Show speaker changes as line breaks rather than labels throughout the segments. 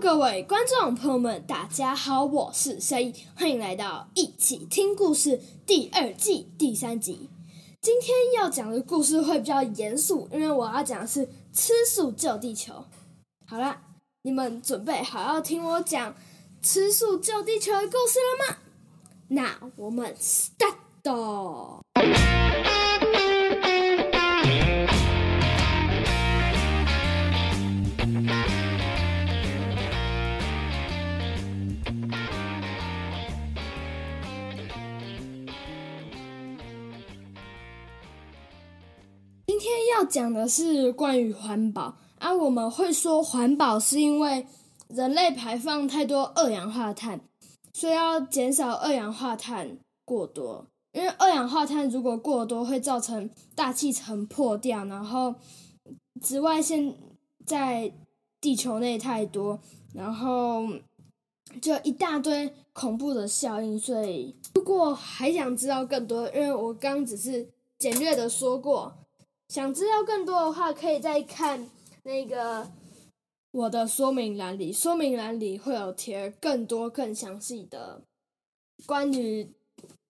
各位觀眾朋友們，大家好，我是 C，歡迎來到《一起聽故事》第二季第三集。今天要講的故事會比較嚴肅，因為我要講的是吃素救地球。好了，你們準備好要聽我講吃素救地球的故事了嗎？那我們 start 嘍今天要講的是關於環保，而、啊、我們會說環保是因為人類排放太多二氧化碳，所以要減少二氧化碳過多。因為二氧化碳如果過多，會造成大氣層破掉，然後紫外線在地球內太多，然後就一大堆恐怖的效應。所以，如果還想知道更多，因為我剛剛只是簡略的說過。想知道更多的話，可以再看那個我的說明欄裡，說明欄裡會有貼更多更詳細的關於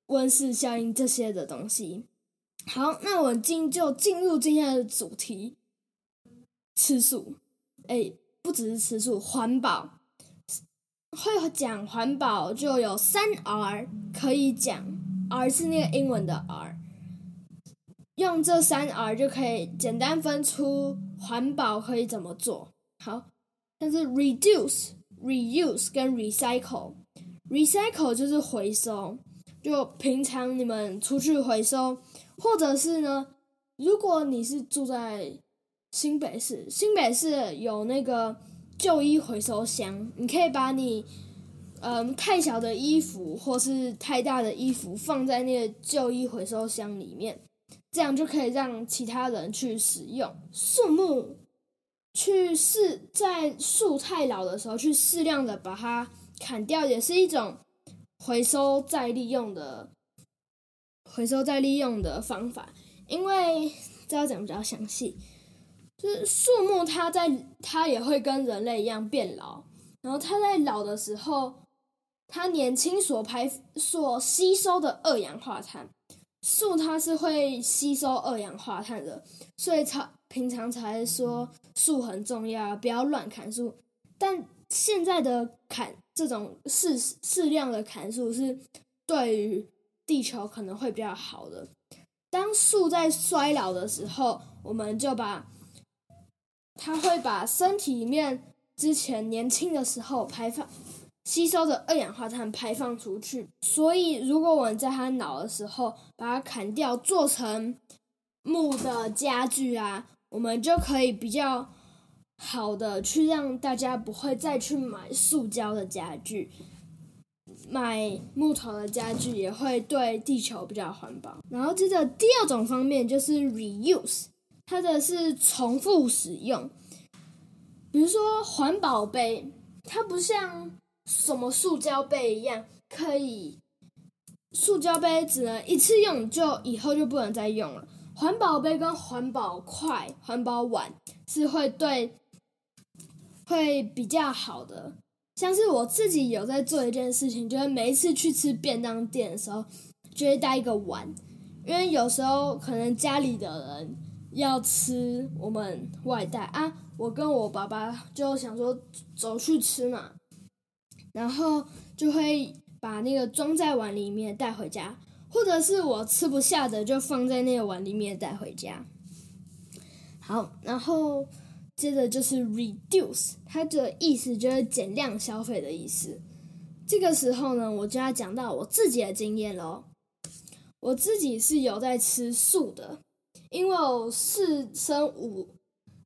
溫室效應這些的東西。好，那我今就進入今天的主題——吃素。哎、欸，不只是吃素，環保，會講環保就有三 R 可以講，R 是那個英文的 R。用這三 R 就可以簡單分出環保可以怎麼做。好，但是 Reduce、Reuse 跟 Recycle。Recycle 就是回收，就平常你們出去回收，或者是呢，如果你是住在新北市，新北市有那個舊衣回收箱，你可以把你嗯、呃、太小的衣服或是太大的衣服放在那個舊衣回收箱裡面。這樣就可以讓其他人去使用樹木去試，去是在樹太老的時候，去適量的把它砍掉，也是一種回收再利用的、回收再利用的方法。因為這要講比較詳細，就是樹木它在它也會跟人類一樣變老，然後它在老的時候，它年輕所排所吸收的二氧化碳。樹它是會吸收二氧化碳的，所以常平常才說，樹很重要，不要亂砍樹。但現在的砍這種適適量的砍樹是對於地球可能會比較好的。當樹在衰老的時候，我們就把它會把身體裡面之前年輕的時候排放。吸收的二氧化碳排放出去，所以如果我們在它老的時候把它砍掉，做成木的家具啊，我們就可以比較好的去讓大家不會再去買塑膠的家具，買木頭的家具也會對地球比較環保。然後接着第二種方面就是 reuse，它的是重複使用，比如說環保杯，它不像，什麼塑膠杯一樣可以，塑膠杯只能一次用就，就以後就不能再用了。環保杯跟環保筷、環保碗是會對，會比較好的。像是我自己有在做一件事情，就是每一次去吃便當店的時候，就會帶一個碗，因為有時候可能家裡的人要吃我們外帶啊。我跟我爸爸就想說走去吃嘛。然後就會把那個裝在碗裡面帶回家，或者是我吃不下的就放在那個碗裡面帶回家。好，然後接着就是 reduce，它的意思就是減量消費的意思。這個時候呢，我就要講到我自己的經驗嘍。我自己是有在吃素的，因為我四升五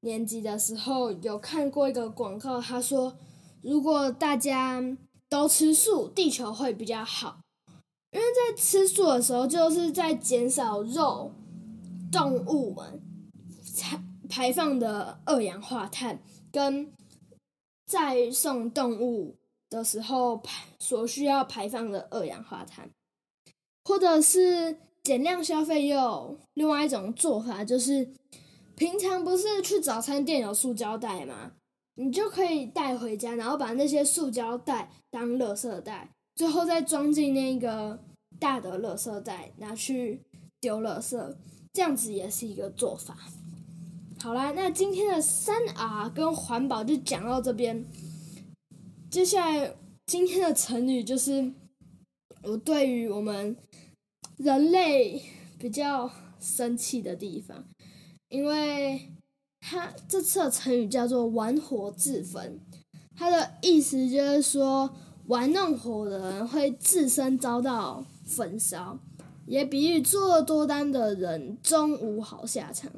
年級的時候有看過一個廣告，他說。如果大家都吃素，地球會比較好，因為在吃素的時候，就是在減少肉動物們排排放的二氧化碳，跟在送動物的時候排所需要排放的二氧化碳，或者是減量消費又。又另外一種做法就是，平常不是去早餐店有塑膠袋嗎？你就可以帶回家，然後把那些塑膠袋當垃圾袋，最後再裝進那個大的垃圾袋，拿去丟垃圾。這樣子也是一個做法。好啦，那今天的三 R 跟環保就講到這邊。接下來今天的成語就是我對於我們人類比較生氣的地方，因為。他這次的成語叫做“玩火自焚”，它的意思就是說玩弄火的人會自身遭到焚燒，也比喻做了多端的人終無好下場。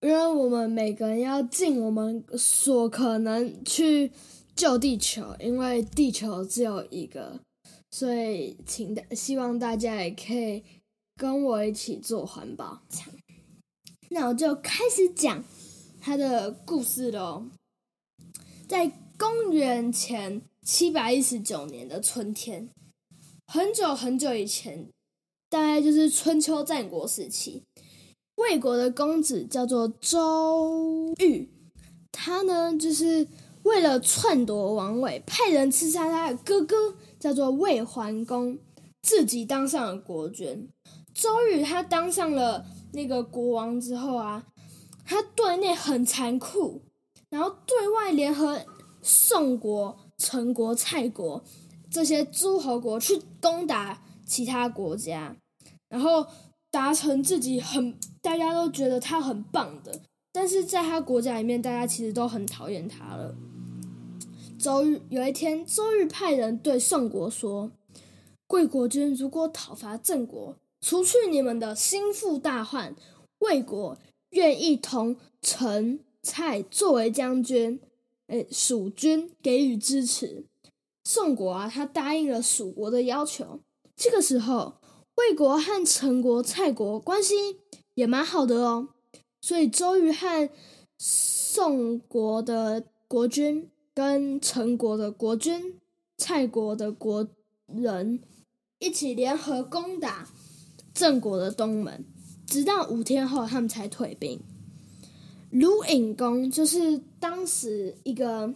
因為我們每個人要盡我們所可能去救地球，因為地球只有一個，所以請大希望大家也可以跟我一起做環保。那我就開始講。他的故事哦，在公元前七百一十九年的春天，很久很久以前，大概就是春秋戰國時期，衛國的公子叫做州吁，他呢就是為了篡奪王位，派人刺殺他的哥哥叫做衛桓公，自己當上了國君。州吁他當上了那個國王之後啊。他對內很殘酷，然後對外聯合宋國、陳國、蔡國這些諸侯國去攻打其他國家，然後達成自己很，大家都覺得他很棒的，但是在他國家裡面，大家其實都很討厭他了。周瑜有一天，周瑜派人對宋國說：“貴國君如果討伐鄭國，除去你們的心腹大患魏國。”願意同陳、蔡作為將軍，哎、欸，蜀軍給予支持。宋國啊，他答應了蜀國的要求。這個時候，衛國和陳國、蔡國關係也蠻好的哦，所以州吁和宋國的國君、跟陳國的國君、蔡國的國人一起聯合攻打鄭國的東門。直到五天後，他們才退兵。魯隱公就是當時一個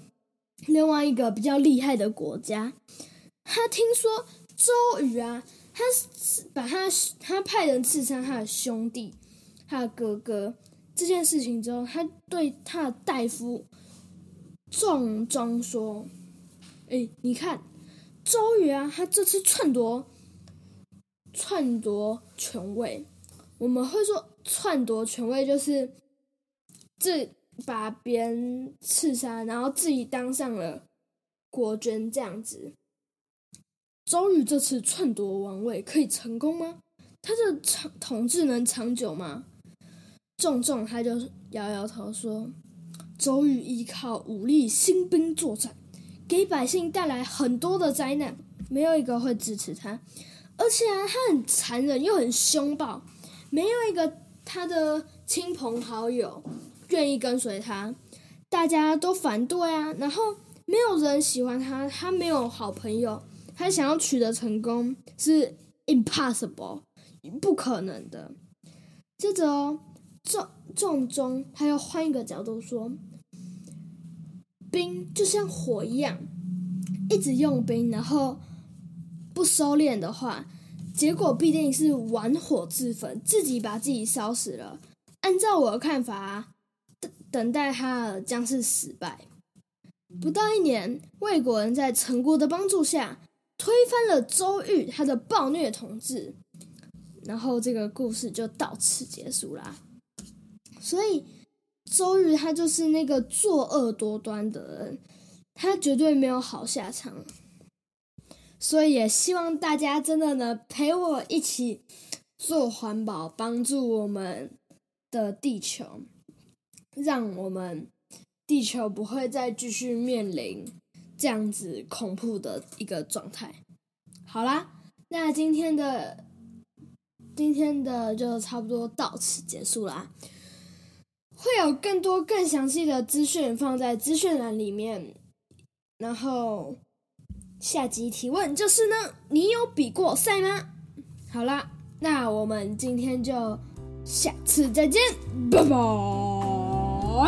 另外一個比較厲害的國家。他聽說州吁啊，他把他他派人刺殺他的兄弟，他的哥哥這件事情之後，他對他的大夫眾仲說：“誒，你看州吁啊，他這次篡奪篡奪權位。”我們會說篡奪權位就是自把別人刺殺，然後自己當上了國君這樣子。周瑜這次篡奪王位可以成功嗎？他的長統治能長久嗎？眾仲他就搖搖頭說：“周瑜依靠武力、興兵作戰，給百姓帶來很多的災難，沒有一個會支持他。而且、啊、他很殘忍，又很兇暴。”沒有一個他的親朋好友願意跟隨他，大家都反對啊。然後沒有人喜歡他，他沒有好朋友，他想要取得成功是 impossible，不可能的。接着、哦，重重中，他又換一個角度說，兵就像火一樣，一直用兵，然後不收斂的話。結果必定是玩火自焚，自己把自己燒死了。按照我的看法，等，等待他的將是失敗。不到一年，衛國人在陳國的幫助下推翻了州吁他的暴虐統治，然後這個故事就到此結束啦。所以，州吁他就是那個作惡多端的人，他絕對沒有好下場。所以也希望大家真的能陪我一起做環保，幫助我們的地球，讓我們地球不會再繼續面臨這樣子恐怖的一個狀態。好啦，那今天的今天的就差不多到此結束啦，會有更多更詳細的資訊放在資訊欄裡面，然後。下集提問就是呢，你有比過賽嗎？好啦，那我們今天就下次再見，拜拜。